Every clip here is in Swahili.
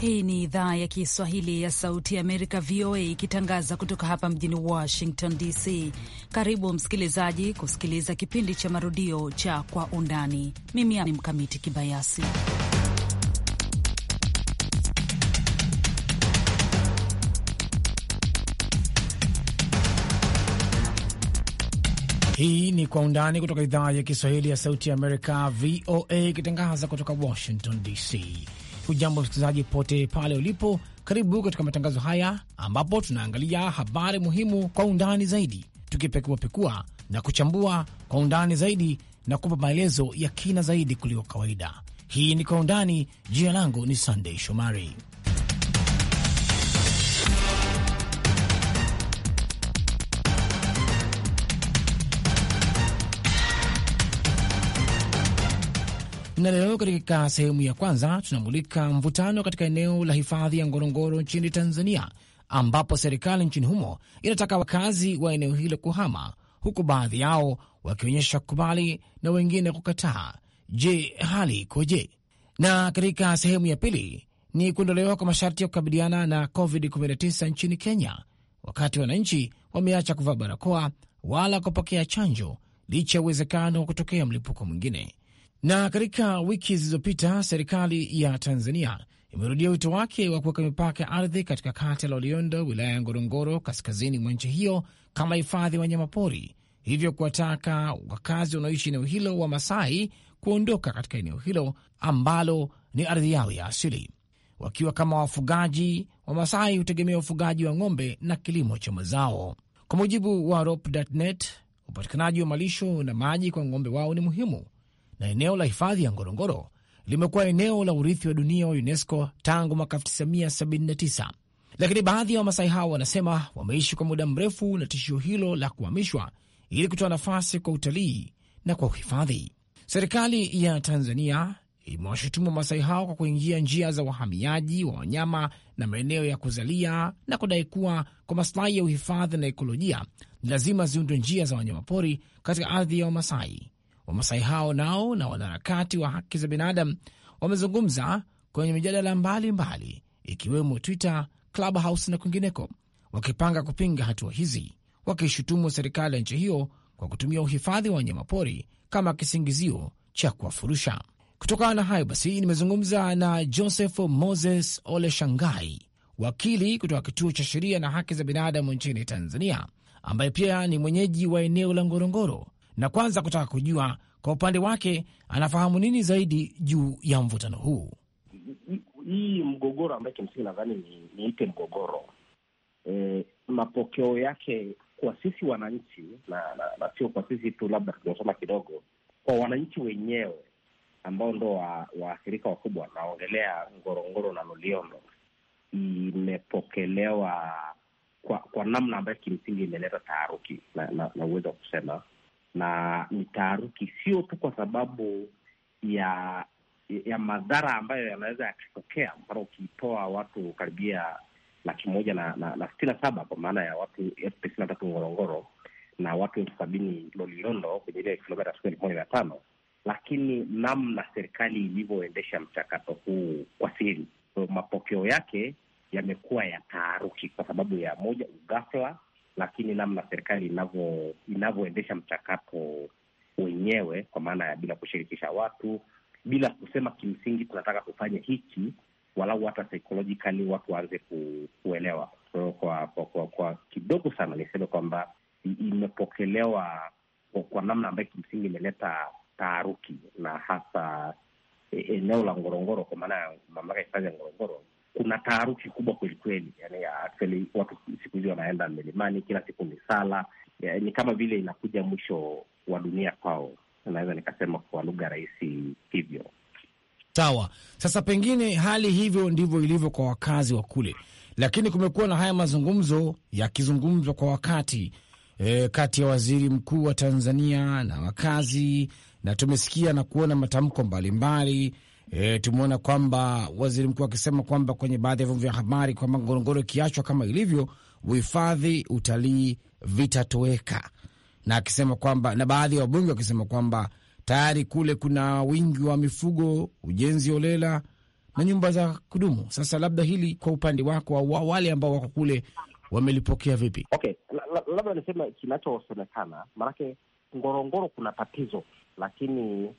Hii ni idhaa ya Kiswahili ya Sauti ya Amerika, VOA, ikitangaza kutoka hapa mjini Washington DC. Karibu msikilizaji kusikiliza kipindi cha marudio cha Kwa Undani. Mimi ni Mkamiti Kibayasi. Hii ni Kwa Undani kutoka idhaa ya Kiswahili ya Sauti ya Amerika, VOA, ikitangaza kutoka Washington DC. Hujambo msikilizaji pote pale ulipo, karibu katika matangazo haya ambapo tunaangalia habari muhimu kwa undani zaidi, tukipekuapekua na kuchambua kwa undani zaidi na kupa maelezo ya kina zaidi kuliko kawaida. Hii ni Kwa Undani. Jina langu ni Sandei Shomari. na leo katika sehemu ya kwanza tunamulika mvutano katika eneo la hifadhi ya Ngorongoro nchini Tanzania, ambapo serikali nchini humo inataka wakazi wa eneo hilo kuhama, huku baadhi yao wakionyesha kukubali na wengine kukataa. Je, hali ikoje? Na katika sehemu ya pili ni kuondolewa kwa masharti ya kukabiliana na COVID-19 nchini Kenya, wakati wananchi wameacha kuvaa barakoa wala kupokea chanjo licha ya uwezekano wa kutokea mlipuko mwingine. Na katika wiki zilizopita serikali ya Tanzania imerudia wito wake wa kuweka mipaka ya ardhi katika kata la Oliondo, wilaya ya Ngorongoro, kaskazini mwa nchi hiyo kama hifadhi ya wanyamapori, hivyo kuwataka wakazi wanaoishi eneo hilo wa Masai kuondoka katika eneo hilo ambalo ni ardhi yao ya asili. Wakiwa kama wafugaji wa Masai hutegemea ufugaji wa ng'ombe na kilimo cha mazao. Kwa mujibu wa ROP.net, upatikanaji wa malisho na maji kwa ng'ombe wao ni muhimu na eneo la hifadhi ya Ngorongoro limekuwa eneo la urithi wa dunia wa UNESCO tangu mwaka 1979 lakini baadhi ya wa Wamasai hao wanasema wameishi kwa muda mrefu na tishio hilo la kuhamishwa ili kutoa nafasi kwa utalii na kwa uhifadhi. Serikali ya Tanzania imewashutumu Wamasai hao kwa kuingia njia za wahamiaji wa wanyama na maeneo ya kuzalia na kudai kuwa kwa masilahi ya uhifadhi na ekolojia ni lazima ziundwe njia za wanyamapori katika ardhi ya Wamasai. Wamasai hao nao na wanaharakati wa haki za binadamu wamezungumza kwenye mijadala mbalimbali ikiwemo Twitter, Clubhouse na kwingineko, wakipanga kupinga hatua hizi, wakishutumu serikali ya nchi hiyo kwa kutumia uhifadhi wa wanyamapori kama kisingizio cha kuwafurusha. Kutokana na hayo basi, nimezungumza na Joseph Moses Ole Shangai, wakili kutoka Kituo cha Sheria na Haki za Binadamu nchini Tanzania, ambaye pia ni mwenyeji wa eneo la Ngorongoro na kwanza kutaka kujua kwa upande wake anafahamu nini zaidi juu ya mvutano huu hii mgogoro ambaye kimsingi nadhani ni niite mgogoro e, mapokeo yake kwa sisi wananchi na na sio kwa sisi tu, labda tuliosoma kidogo, kwa wananchi wenyewe ambao ndo waathirika wa wakubwa, naongelea Ngorongoro na Loliondo, imepokelewa kwa kwa namna ambayo kimsingi imeleta taharuki na, na, na uwezo wa kusema na ni taharuki, sio tu kwa sababu ya ya madhara ambayo yanaweza yakatokea. Mfano, ukitoa watu karibia laki moja na, na, na sitini na saba kwa maana ya watu elfu tisini na tatu Ngorongoro na watu elfu sabini Loliondo kwenye ile kilomita siku elfu moja mia tano lakini namna serikali ilivyoendesha mchakato huu kwa siri, so mapokeo yake yamekuwa ya taharuki kwa sababu ya moja, ugafla lakini namna serikali inavyo inavyoendesha mchakato wenyewe, kwa maana ya bila kushirikisha watu, bila kusema kimsingi tunataka kufanya hiki, walau hata psychologically watu waanze ku, kuelewa. So, kwa, kwa, kwa, kwa kidogo sana niseme kwamba imepokelewa kwa, kwa namna ambayo kimsingi imeleta taharuki na hasa e, eneo la Ngorongoro, kwa maana ya mamlaka ya hifadhi ya Ngorongoro kuna taharuki kubwa kwelikweli. Yani actually watu siku hizi wanaenda milimani, kila siku ni sala, ni kama vile inakuja mwisho wa dunia kwao, naweza nikasema kwa lugha rahisi hivyo. Sawa. Sasa pengine hali hivyo ndivyo ilivyo kwa wakazi wa kule, lakini kumekuwa na haya mazungumzo yakizungumzwa kwa wakati e, kati ya waziri mkuu wa Tanzania na wakazi, na tumesikia na kuona matamko mbalimbali E, tumeona kwamba waziri mkuu akisema kwamba kwenye baadhi ya vyombo vya habari kwamba Ngorongoro ikiachwa kama ilivyo, uhifadhi, utalii vitatoweka, na akisema kwamba na baadhi ya wabunge wakisema kwamba tayari kule kuna wingi wa mifugo, ujenzi holela na nyumba za kudumu. Sasa labda hili kwa upande wako au wa wale ambao wako kule wamelipokea vipi? Okay, labda niseme kinachosemekana, maanake Ngorongoro kuna tatizo, lakini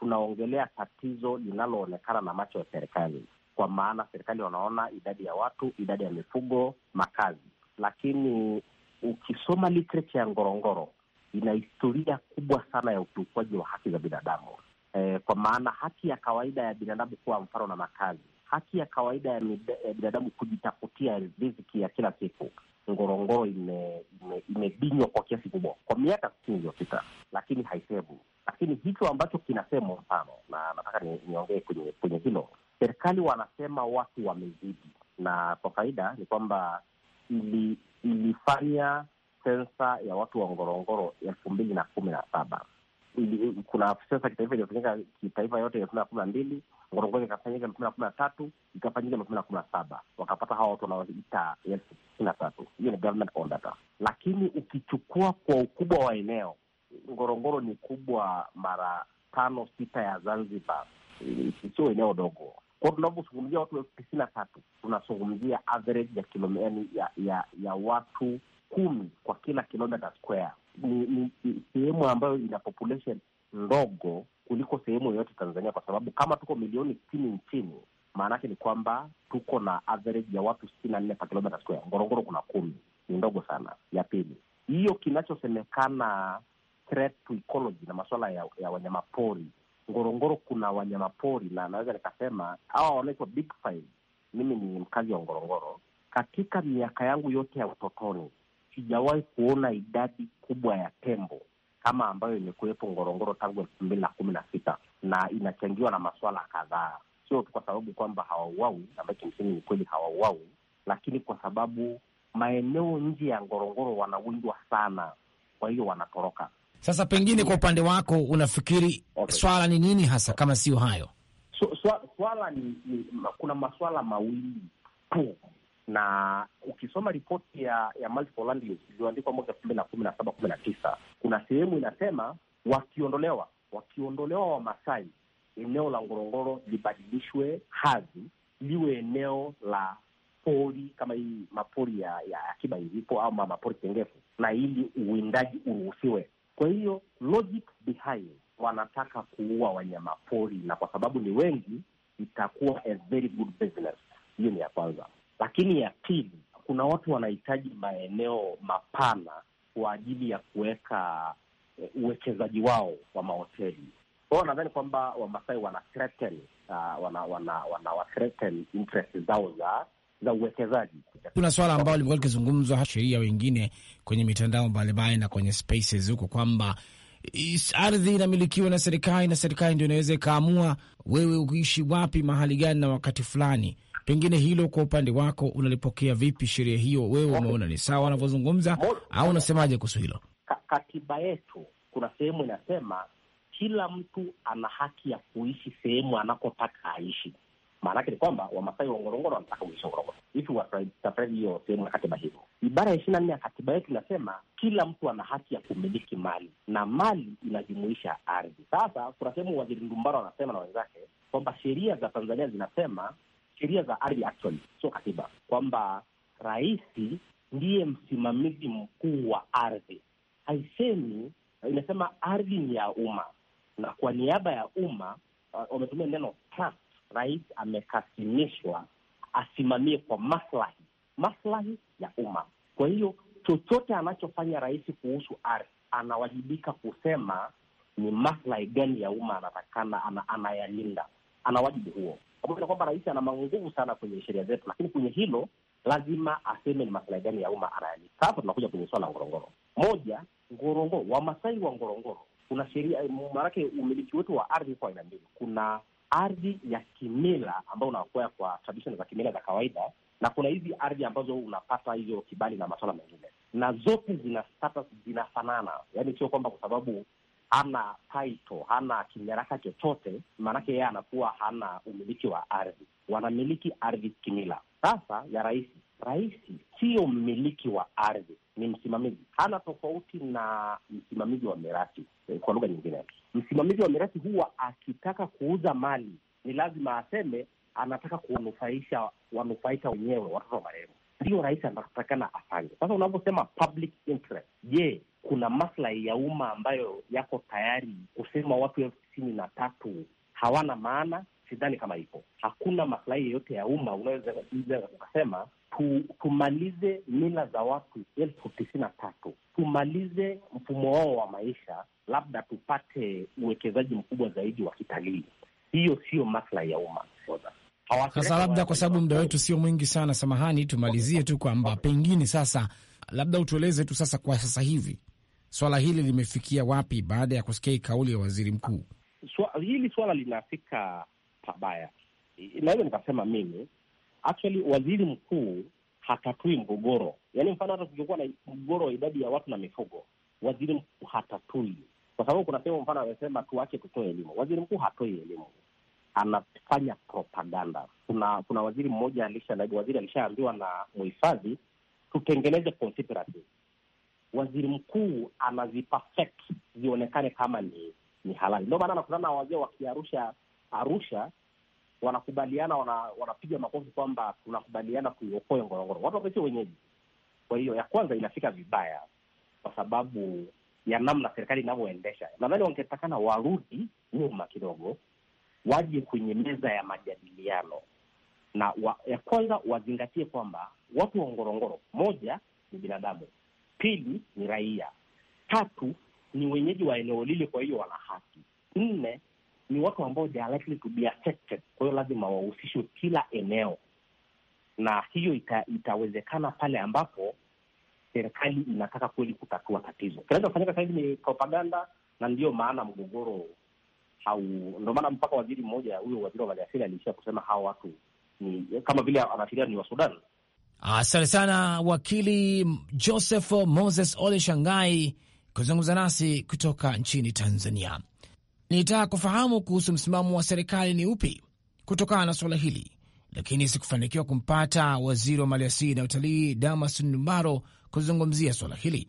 tunaongelea tatizo linaloonekana na macho ya serikali, kwa maana serikali wanaona idadi ya watu, idadi ya mifugo, makazi. Lakini ukisoma literature ya Ngorongoro ina historia kubwa sana ya ukiukwaji wa haki za binadamu e, kwa maana haki ya kawaida ya binadamu kuwa mfano na makazi, haki ya kawaida ya, mida, ya binadamu kujitafutia riziki ya kila siku Ngorongoro imebinywa ime, ime kwa kiasi kubwa kwa miaka sitini iliyopita, lakini haisebu lakini hicho ambacho kinasemwa, mfano na nataka niongee kwenye kwenye hilo, serikali wanasema watu wamezidi, na kwa faida ni kwamba ili, ilifanya sensa ya watu wa Ngorongoro elfu mbili na kumi na saba kuna sensa kitaifa iliyofanyika kitaifa yote elfu mbili na kumi na mbili Ngorongoro ikafanyika elfu mbili na kumi na tatu ikafanyika elfu mbili na kumi na saba wakapata hawa watu wanaoita elfu kumi na tatu Hiyo ni government data, lakini ukichukua kwa ukubwa wa eneo Ngorongoro ni kubwa mara tano sita ya Zanzibar, sio eneo dogo. Kwa tunavyozungumzia watu elfu tisini na tatu tunazungumzia average ya kilomita ya, ya ya watu kumi kwa kila kilomita square. Ni sehemu ambayo ina population ndogo kuliko sehemu yoyote Tanzania, kwa sababu kama tuko milioni sitini nchini, yake ni kwamba tuko na average ya watu sitini na nne kwa kilomita square. Ngorongoro kuna kumi, ni ndogo sana. Ya pili hiyo, kinachosemekana threat to ecology na masuala ya, ya wanyamapori Ngorongoro kuna wanyamapori na naweza nikasema hawa wanaitwa big five. Mimi ni mkazi wa Ngorongoro. Katika miaka yangu yote ya utotoni sijawahi kuona idadi kubwa ya tembo kama ambayo imekuwepo Ngorongoro tangu elfu mbili na kumi na sita na inachangiwa na maswala kadhaa, sio tu kwa sababu kwamba hawauawi, ambayo kimsingi ni kweli hawauawi, lakini kwa sababu maeneo nje ya Ngorongoro wanawindwa sana, kwa hiyo wanatoroka. Sasa pengine kwa upande wako unafikiri okay, swala ni nini hasa kama sio hayo? So, so, swala ni, ni kuna maswala mawili tu, na ukisoma ripoti ya ya multiple land use iliyoandikwa mwaka elfu mbili na kumi na saba kumi na tisa kuna sehemu inasema wakiondolewa wakiondolewa Wamasai, eneo la Ngorongoro libadilishwe hadhi liwe eneo la pori kama hii mapori ya, ya akiba ilipo au mapori tengefu, na ili uwindaji uruhusiwe. Kwa hiyo logic behind wanataka kuua wanyama pori na kwa sababu ni wengi itakuwa a very good business. Hiyo ni ya kwanza, lakini ya pili, kuna watu wanahitaji maeneo mapana kwa ajili ya kuweka eh, uwekezaji wao wa mahoteli kwao. Nadhani kwamba Wamasai wana threaten, uh, wana wana wana threaten interest zao za za uwekezaji. Kuna swala ambalo limekuwa likizungumzwa sheria wengine kwenye mitandao mbalimbali na kwenye spaces huko kwamba ardhi inamilikiwa na serikali na serikali ndio inaweza ikaamua wewe uishi wapi mahali gani na wakati fulani. Pengine hilo kwa upande wako unalipokea vipi sheria hiyo? Wewe umeona ni sawa wanavyozungumza au unasemaje kuhusu hilo? Ka katiba yetu kuna sehemu inasema kila mtu ana haki ya kuishi sehemu anakotaka aishi. Maanake ni kwamba Wamasai wa Ngorongoro wanataka uisha Ngorongoro, hivi watafredi hiyo sehemu ya katiba hivyo. Ibara ya ishirini na nne ya katiba yetu inasema kila mtu ana haki ya kumiliki mali na mali inajumuisha ardhi. Sasa kuna sehemu Waziri Ndumbaro wanasema na wenzake kwamba sheria za Tanzania zinasema sheria za ardhi actually, sio katiba, kwamba rahisi ndiye msimamizi mkuu wa ardhi. Haisemi, inasema ardhi ni ya umma na kwa niaba ya umma uh, wametumia neno trust rais amekasimishwa asimamie kwa maslahi maslahi ya umma. Kwa hiyo chochote anachofanya rais kuhusu ardhi anawajibika kusema ni maslahi gani ya umma anatakana ana, anayalinda. Ana wajibu huo, pamoja na kwamba rais ana manguvu sana kwenye sheria zetu, lakini kwenye hilo lazima aseme ni maslahi gani ya umma anayalinda. Sasa tunakuja kwenye swala la Ngorongoro. Moja, Ngorongoro, Wamasai wa Ngorongoro kuna sheria, maanake umiliki wetu wa ardhi kwa aina mbili. Kuna ardhi ya kimila ambayo unakwea kwa tradition za kimila za kawaida, na kuna hizi ardhi ambazo unapata hizo kibali na maswala mengine, na zote zina status zinafanana, yaani sio kwamba kwa sababu hana title hana kinyaraka chochote, maanake yeye anakuwa hana umiliki wa ardhi. Wanamiliki ardhi kimila. Sasa ya rais, rais sio mmiliki wa ardhi, ni msimamizi, hana tofauti na msimamizi wa mirathi. Eh, kwa lugha nyingine, msimamizi wa mirathi huwa akitaka kuuza mali ni lazima aseme anataka kuwanufaisha wanufaika wenyewe, watoto wa marehemu. Ndiyo rais anatakana afanye. Sasa unavyosema public interest, je, kuna maslahi ya umma ambayo yako tayari kusema watu elfu tisini na tatu hawana maana? sidhani kama ipo. Hakuna maslahi yeyote ya umma unaweza ukasema tu, tumalize mila za watu elfu tisini na tatu, tumalize mfumo wao wa maisha, labda tupate uwekezaji mkubwa zaidi wa kitalii. Hiyo sio maslahi ya umma. Sasa labda kwa sababu muda wetu sio mwingi sana, samahani, tumalizie tu kwamba pengine sasa, labda utueleze tu sasa, kwa sasa hivi swala hili limefikia wapi baada ya kusikia kauli ya waziri mkuu? Swa, hili swala linafika pabaya. Naweza nikasema mimi actually, waziri mkuu hatatui mgogoro, yaani mfano hata tukikuwa na mgogoro wa idadi ya watu na mifugo, waziri mkuu hatatui, kwa sababu kuna sehemu mfano amesema tuache tutoe elimu. Waziri mkuu hatoi elimu, anafanya propaganda. Kuna kuna waziri mmoja alisha, waziri alishaambiwa na mhifadhi tutengeneze conspiracy. Waziri mkuu anaziperfect zionekane kama ni ni halali. Ndio maana nakutana na wazee wakiarusha Arusha wanakubaliana, wanapiga makofi kwamba tunakubaliana kuiokoa Ngorongoro, watu wamesia wenyeji. Kwa hiyo ya kwanza inafika vibaya kwa sababu ya namna serikali inavyoendesha. Nadhani wangetakana warudi nyuma kidogo, waje kwenye meza ya majadiliano na wa, ya kwanza wazingatie kwamba watu wa Ngorongoro, moja ni binadamu, pili ni raia, tatu ni wenyeji wa eneo lile, kwa hiyo wana haki, nne ni watu ambao they are likely to be affected. Kwa hiyo lazima wahusishwe kila eneo, na hiyo ita, itawezekana pale ambapo serikali inataka kweli kutatua tatizo. Kinachofanyika sahizi ni propaganda, na ndiyo maana mgogoro hau, ndio maana mpaka waziri mmoja huyo waziri wa maliasili aliishia kusema hawa watu ni kama vile anafikiria ni wa Sudan. Asante sana wakili Joseph Moses Ole Shangai kuzungumza nasi kutoka nchini Tanzania nilitaka kufahamu kuhusu msimamo wa serikali ni upi kutokana na suala hili, lakini sikufanikiwa kumpata waziri wa maliasili na utalii Damas Ndumbaro kuzungumzia suala hili,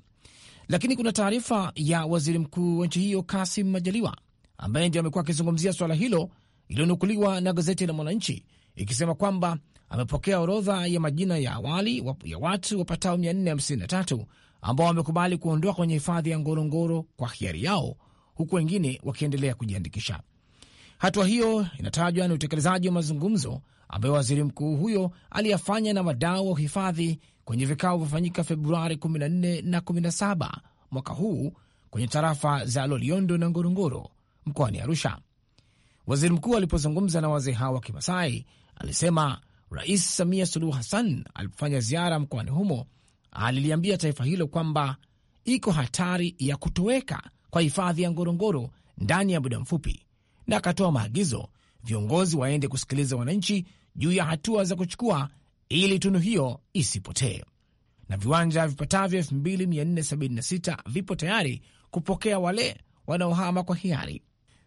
lakini kuna taarifa ya waziri mkuu wa nchi hiyo Kasim Majaliwa ambaye ndio amekuwa akizungumzia suala hilo iliyonukuliwa na gazeti la Mwananchi ikisema kwamba amepokea orodha ya majina ya awali ya watu wapatao 453 ambao wamekubali kuondoa kwenye hifadhi ya Ngorongoro kwa hiari yao huku wengine wakiendelea kujiandikisha. Hatua hiyo inatajwa ni utekelezaji wa mazungumzo ambayo waziri mkuu huyo aliyafanya na wadau wa uhifadhi kwenye vikao vyofanyika Februari 14 na 17 mwaka huu kwenye tarafa za Loliondo na Ngorongoro mkoani Arusha. Waziri mkuu alipozungumza na wazee hao wa Kimasai alisema Rais Samia Suluhu Hassan alipofanya ziara mkoani humo aliliambia taifa hilo kwamba iko hatari ya kutoweka kwa hifadhi ya Ngorongoro ndani ya muda mfupi, na akatoa maagizo viongozi waende kusikiliza wananchi juu ya hatua za kuchukua ili tunu hiyo isipotee. Na viwanja vipatavyo 2476 vipo tayari kupokea wale wanaohama kwa hiari.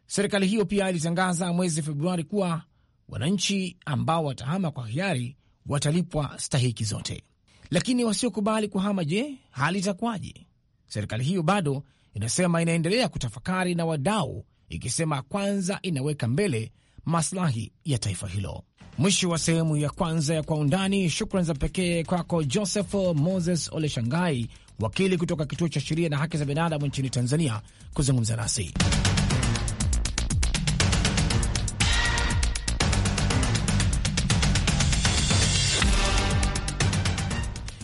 Serikali hiyo pia ilitangaza mwezi Februari kuwa wananchi ambao watahama kwa hiari watalipwa stahiki zote. Lakini wasiokubali kuhama, je, hali itakuwaje? Serikali hiyo bado inasema inaendelea kutafakari na wadau, ikisema kwanza inaweka mbele maslahi ya taifa hilo. Mwisho wa sehemu ya kwanza ya Kwa Undani. Shukran za pekee kwako Joseph Moses Oleshangai, wakili kutoka Kituo cha Sheria na Haki za Binadamu nchini Tanzania, kuzungumza nasi.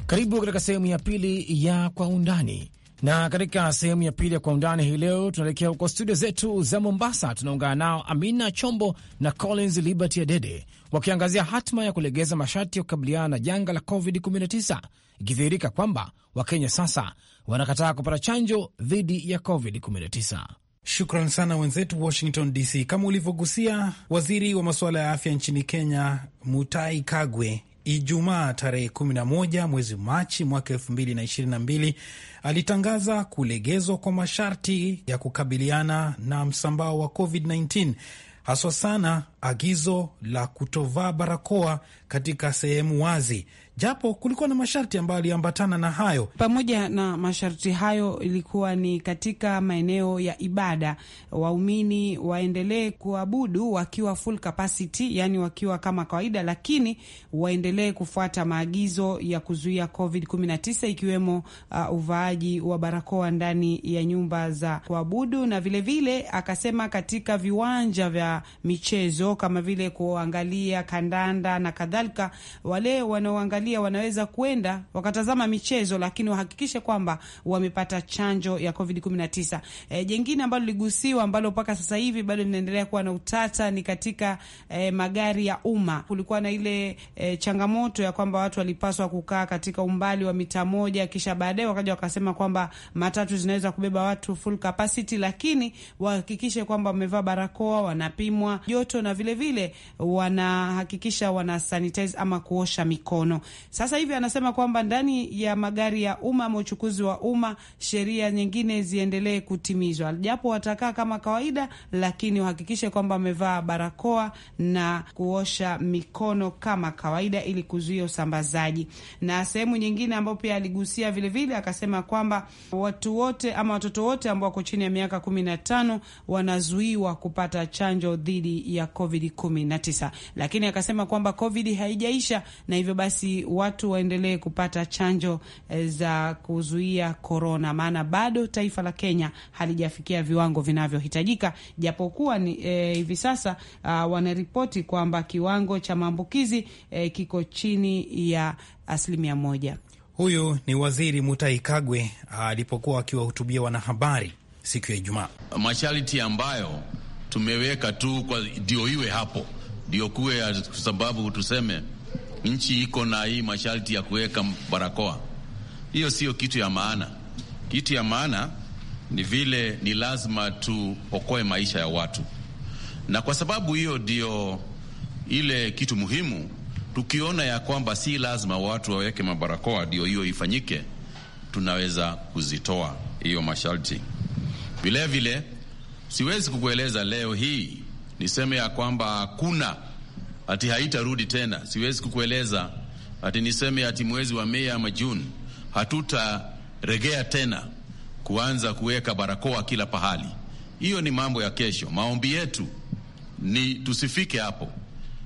Karibu katika sehemu ya pili ya Kwa Undani. Na katika sehemu ya pili ya kwa undani hii leo tunaelekea huko studio zetu za Mombasa. Tunaungana nao Amina Chombo na Collins Liberty Adede wakiangazia hatima ya kulegeza masharti ya kukabiliana na janga la COVID-19 ikidhihirika kwamba Wakenya sasa wanakataa kupata chanjo dhidi ya COVID-19. Shukran sana wenzetu Washington DC. Kama ulivyogusia, waziri wa masuala ya afya nchini Kenya Mutai Kagwe Ijumaa tarehe 11 mwezi Machi mwaka 2022 alitangaza kulegezwa kwa masharti ya kukabiliana na msambao wa COVID-19 haswa sana agizo la kutovaa barakoa katika sehemu wazi, japo kulikuwa na masharti ambayo aliambatana na hayo. Pamoja na masharti hayo, ilikuwa ni katika maeneo ya ibada, waumini waendelee kuabudu wakiwa full capacity, yani wakiwa kama kawaida, lakini waendelee kufuata maagizo ya kuzuia COVID 19 ikiwemo uh, uvaaji wa barakoa ndani ya nyumba za kuabudu, na vilevile vile, akasema katika viwanja vya michezo kama vile kuangalia kandanda na kadhalika, wale wanaoangalia familia wanaweza kwenda wakatazama michezo, lakini wahakikishe kwamba wamepata chanjo ya Covid 19. E, jengine ambalo ligusiwa ambalo mpaka sasa hivi bado linaendelea kuwa na utata ni katika e, magari ya umma. Kulikuwa na ile e, changamoto ya kwamba watu walipaswa kukaa katika umbali wa mita moja, kisha baadaye wakaja wakasema kwamba matatu zinaweza kubeba watu full capacity, lakini wahakikishe kwamba wamevaa barakoa, wanapimwa joto na vilevile vile wanahakikisha wana sanitize ama kuosha mikono. Sasa hivi anasema kwamba ndani ya magari ya umma ama uchukuzi wa umma sheria nyingine ziendelee kutimizwa, japo watakaa kama kawaida, lakini wahakikishe kwamba wamevaa barakoa na kuosha mikono kama kawaida, ili kuzuia usambazaji. Na sehemu nyingine ambayo pia aligusia vilevile akasema kwamba watu wote ama watoto wote ambao wako chini ya miaka kumi na tano wanazuiwa kupata chanjo dhidi ya COVID 19, lakini akasema kwamba COVID haijaisha na hivyo basi watu waendelee kupata chanjo eh, za kuzuia korona, maana bado taifa la Kenya halijafikia viwango vinavyohitajika, japokuwa ni e, hivi sasa ah, wanaripoti kwamba kiwango cha maambukizi e, kiko chini ya asilimia moja. Huyu ni Waziri Mutai Kagwe ah, alipokuwa akiwahutubia wanahabari siku ya Ijumaa. Masharti ambayo tumeweka tu kwa ndio iwe hapo ndio kuwe, kwa sababu tuseme nchi iko na hii masharti ya kuweka barakoa. Hiyo sio kitu ya maana. Kitu ya maana ni vile ni lazima tuokoe maisha ya watu, na kwa sababu hiyo ndio ile kitu muhimu. Tukiona ya kwamba si lazima watu waweke mabarakoa ndio hiyo ifanyike, tunaweza kuzitoa hiyo masharti. Vilevile siwezi kukueleza leo hii niseme ya kwamba hakuna ati haitarudi tena. Siwezi kukueleza ati niseme ati mwezi wa Mei ama Juni hatutaregea tena kuanza kuweka barakoa kila pahali. Hiyo ni mambo ya kesho. Maombi yetu ni tusifike hapo,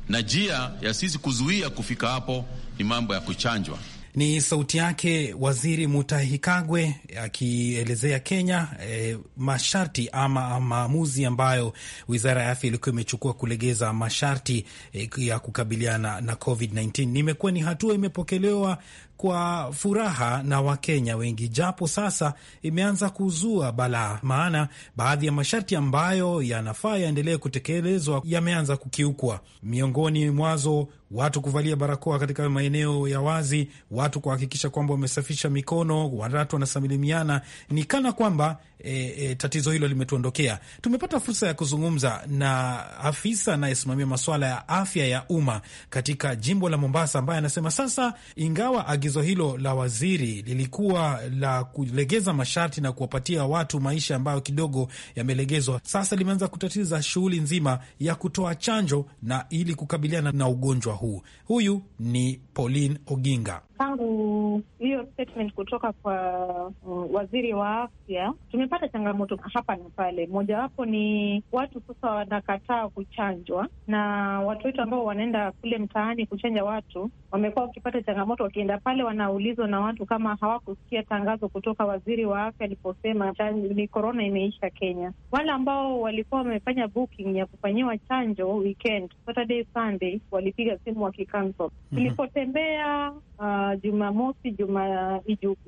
na njia ya sisi kuzuia kufika hapo ni mambo ya kuchanjwa. Ni sauti yake Waziri Mutahi Kagwe akielezea Kenya e, masharti ama maamuzi ambayo wizara ya afya ilikuwa imechukua kulegeza masharti e, ya kukabiliana na COVID-19. Nimekuwa ni hatua imepokelewa kwa furaha na Wakenya wengi, japo sasa imeanza kuzua balaa, maana baadhi ya masharti ambayo yanafaa yaendelee kutekelezwa yameanza kukiukwa, miongoni mwazo watu kuvalia barakoa katika maeneo ya wazi, watu kuhakikisha kwamba wamesafisha mikono, watu wanasalimiana. Ni kana kwamba e, e, tatizo hilo limetuondokea. Tumepata fursa ya kuzungumza na afisa anayesimamia masuala ya afya ya umma katika jimbo la Mombasa, ambaye anasema sasa, ingawa agizo pendekezo hilo la waziri lilikuwa la kulegeza masharti na kuwapatia watu maisha ambayo kidogo yamelegezwa, sasa limeanza kutatiza shughuli nzima ya kutoa chanjo na ili kukabiliana na ugonjwa huu. Huyu ni Pauline Oginga tangu hiyo statement kutoka kwa uh, waziri wa afya, tumepata changamoto hapa na pale. Mojawapo ni watu sasa wanakataa kuchanjwa, na watu wetu ambao wanaenda kule mtaani kuchanja watu wamekuwa wakipata changamoto, wakienda pale wanaulizwa na watu kama hawakusikia tangazo kutoka waziri wa afya aliposema ni korona imeisha Kenya. Wale ambao walikuwa wamefanya booking ya kufanyiwa chanjo weekend, Saturday Sunday, walipiga simu wakicancel. Tulipotembea mhm. uh, Jumamosi,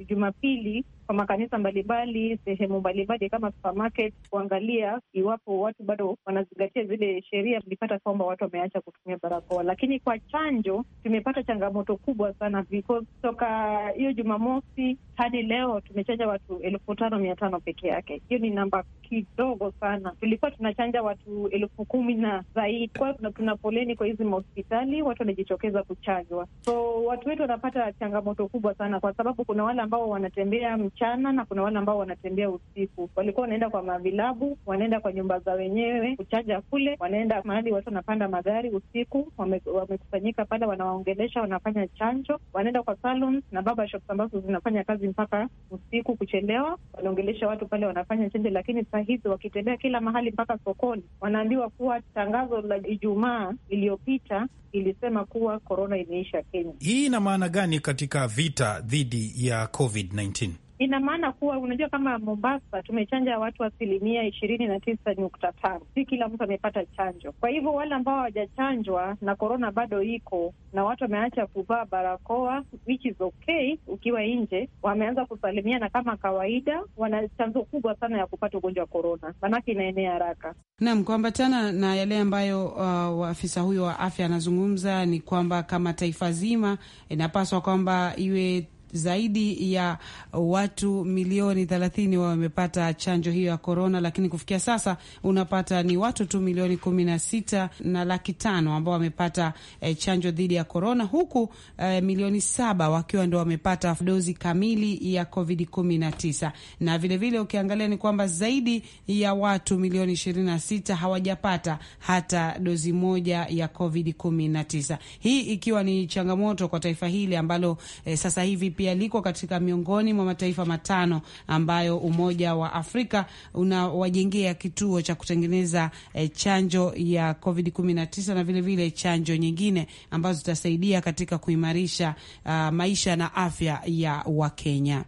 Jumapili, kwa makanisa mbalimbali, sehemu mbalimbali kama supermarket, kuangalia iwapo watu bado wanazingatia zile sheria. Tulipata kwamba watu wameacha kutumia barakoa, lakini kwa chanjo tumepata changamoto kubwa sana because toka hiyo Jumamosi hadi leo tumechanja watu elfu tano mia tano peke yake. Hiyo ni namba kidogo sana. Tulikuwa tunachanja watu elfu kumi na zaidi. Kwa hiyo tuna foleni kwa hizi mahospitali, watu wanajitokeza kuchanjwa, so watu wetu wanapata changamoto kubwa sana, kwa sababu kuna wale ambao wanatembea mchana na kuna wale ambao wanatembea usiku. Walikuwa wanaenda kwa mavilabu, wanaenda kwa nyumba za wenyewe kuchaja kule, wanaenda mahali watu wanapanda magari usiku, wamekusanyika wame pale, wanawaongelesha, wanafanya chanjo, wanaenda kwa salons na baba shops ambazo zinafanya kazi mpaka usiku kuchelewa, wanaongelesha watu pale, wanafanya chanjo. Lakini saa hizi wakitembea kila mahali mpaka sokoni, wanaambiwa kuwa tangazo la Ijumaa iliyopita ilisema kuwa korona imeisha Kenya. Hii ina maana gani katika vita dhidi ya COVID-19? ina maana kuwa unajua, kama Mombasa tumechanja watu asilimia ishirini na tisa nukta tano. Si kila mtu amepata chanjo, kwa hivyo wale ambao hawajachanjwa na korona bado iko na watu wameacha kuvaa barakoa, which is okay ukiwa nje, wameanza kusalimiana kama kawaida, wana chanzo kubwa sana ya kupata ugonjwa wa korona, maanake inaenea haraka. Naam, kuambatana na yale ambayo uh, afisa huyo wa afya anazungumza ni kwamba kama taifa zima inapaswa kwamba iwe zaidi ya watu milioni thelathini wao wamepata chanjo hiyo ya korona, lakini kufikia sasa unapata ni watu tu milioni kumi na sita na laki tano ambao wamepata eh, chanjo dhidi ya korona, huku eh, milioni saba wakiwa ndo wamepata dozi kamili ya covid kumi na tisa na vilevile vile ukiangalia ni kwamba zaidi ya watu milioni ishirini na sita hawajapata hata dozi moja ya covid kumi na tisa hii ikiwa ni changamoto kwa taifa hili ambalo eh, sasa hivi pia yaliko katika miongoni mwa mataifa matano ambayo Umoja wa Afrika unawajengea kituo cha kutengeneza e, chanjo ya COVID 19 na vilevile vile chanjo nyingine ambazo zitasaidia katika kuimarisha uh, maisha na afya ya Wakenya.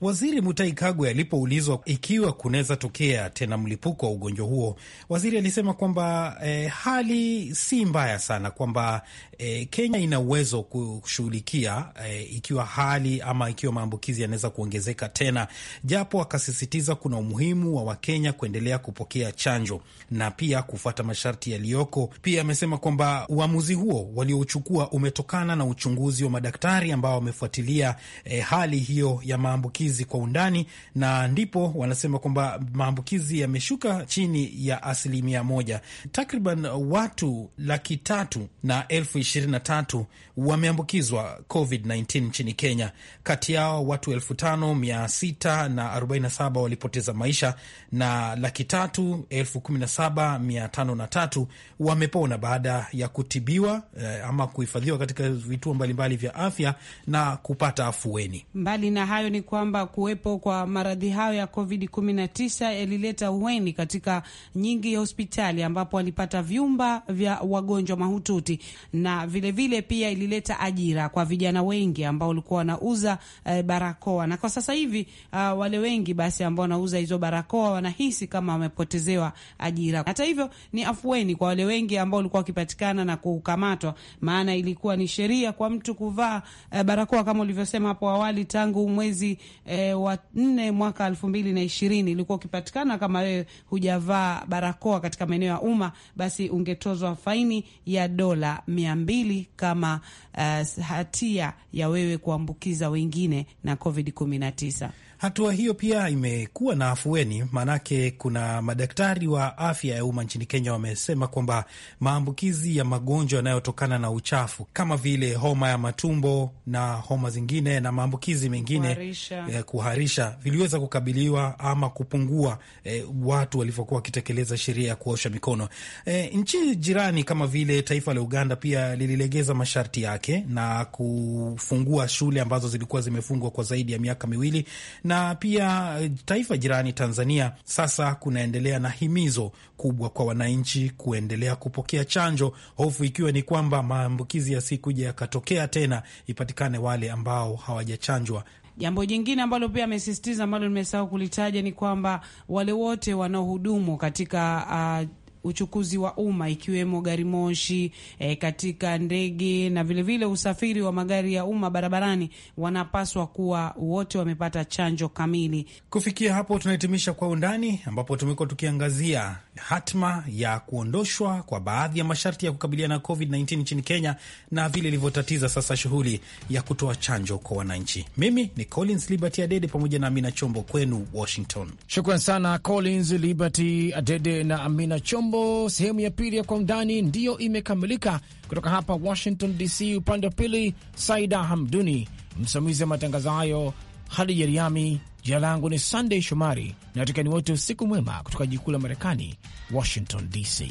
Waziri Mutai Kagwe alipoulizwa ikiwa kunaweza tokea tena mlipuko wa ugonjwa huo, waziri alisema kwamba e, hali si mbaya sana, kwamba e, Kenya ina uwezo kushughulikia e, ikiwa hali ama ikiwa maambukizi yanaweza kuongezeka tena, japo akasisitiza kuna umuhimu wa Wakenya kuendelea kupokea chanjo na pia kufuata masharti yaliyoko. Pia amesema kwamba uamuzi huo waliouchukua umetokana na uchunguzi wa madaktari ambao wamefuatilia eh, hali hiyo ya maambukizi kwa undani, na ndipo wanasema kwamba maambukizi yameshuka chini ya asilimia moja. Takriban watu laki tatu na elfu ishirini na tatu wameambukizwa COVID-19 nchini Kenya, kati yao watu 5647 walipoteza maisha na laki tatu wamepona baada ya kutibiwa eh, ama kuhifadhiwa katika vituo mbalimbali vya afya na kupata afueni. Mbali na hayo ni kwamba kuwepo kwa maradhi hayo ya COVID-19 yalileta uweni katika nyingi ya hospitali ambapo walipata vyumba vya wagonjwa mahututi na vilevile vile pia ilileta ajira kwa vijana wengi ambao walikuwa na wanauza eh, barakoa na kwa sasa hivi uh, wale wengi basi ambao wanauza hizo barakoa wanahisi kama wamepotezewa ajira. Hata hivyo ni afueni kwa wale wengi ambao walikuwa wakipatikana na kukamatwa, maana ilikuwa ni sheria kwa mtu kuvaa eh, barakoa kama ulivyosema hapo awali, tangu mwezi eh, wa nne mwaka elfu mbili na ishirini ilikuwa ukipatikana kama wewe hujavaa barakoa katika maeneo ya umma, basi ungetozwa faini ya dola mia mbili kama uh, hatia ya wewe kuambukiza kuambukiza wengine na COVID-19. Hatua hiyo pia imekuwa na afueni, maanake kuna madaktari wa afya ya umma nchini Kenya wamesema kwamba maambukizi ya magonjwa yanayotokana na uchafu kama vile homa ya matumbo na homa zingine na maambukizi mengine kuharisha, eh, kuharisha viliweza kukabiliwa ama kupungua eh, watu walivyokuwa wakitekeleza sheria ya kuosha mikono. Eh, nchi jirani kama vile taifa la Uganda pia lililegeza masharti yake na kufungua shule ambazo zilikuwa zimefungwa kwa zaidi ya miaka miwili na pia eh, taifa jirani Tanzania sasa kunaendelea na himizo kubwa kwa wananchi kuendelea kupokea chanjo, hofu ikiwa ni kwamba maambukizi yasikuja yakatokea tena, ipatikane wale ambao hawajachanjwa. Jambo jingine ambalo pia amesisitiza ambalo nimesahau kulitaja ni kwamba wale wote wanaohudumu katika uh, uchukuzi wa umma ikiwemo gari moshi e, katika ndege na vilevile vile usafiri wa magari ya umma barabarani, wanapaswa kuwa wote wamepata chanjo kamili. Kufikia hapo, tunahitimisha Kwa Undani, ambapo tumekuwa tukiangazia hatma ya kuondoshwa kwa baadhi ya masharti ya kukabiliana na COVID-19 nchini Kenya na vile ilivyotatiza sasa shughuli ya kutoa chanjo kwa wananchi. Mimi ni Collins Liberty Adede pamoja na Amina Chombo kwenu Washington. Shukran sana Collins Liberty Adede na Amina Chombo mambo. Sehemu ya pili ya kwa undani ndiyo imekamilika kutoka hapa Washington DC. Upande wa pili, Saida Hamduni, msimamizi wa matangazo hayo hadi Jeriami. Jina langu ni sandey Shomari na watakieni wote usiku mwema kutoka jikuu la Marekani, Washington DC.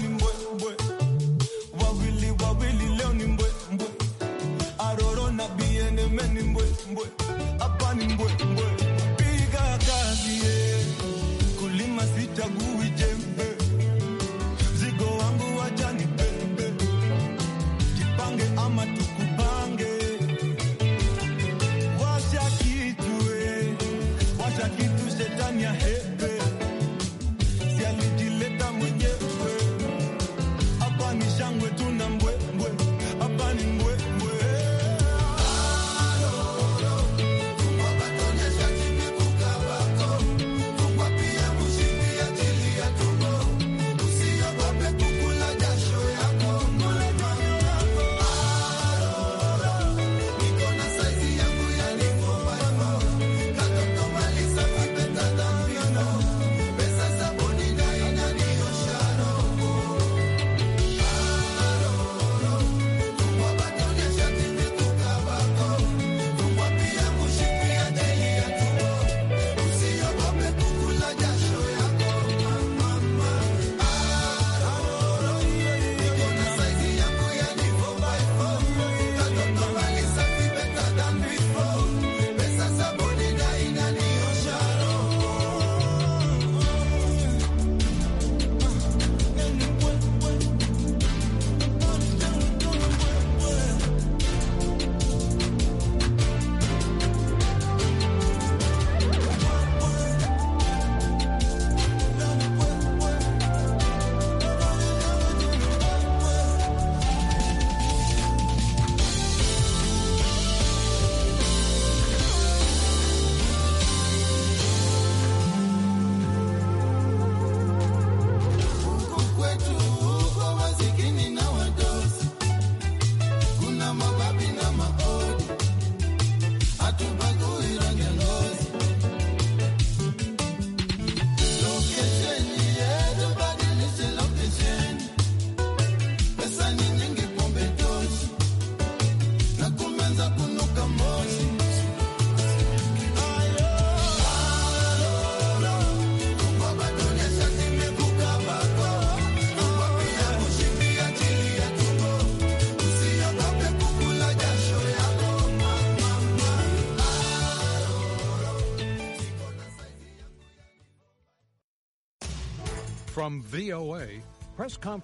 mi mo. From VOA, press conference.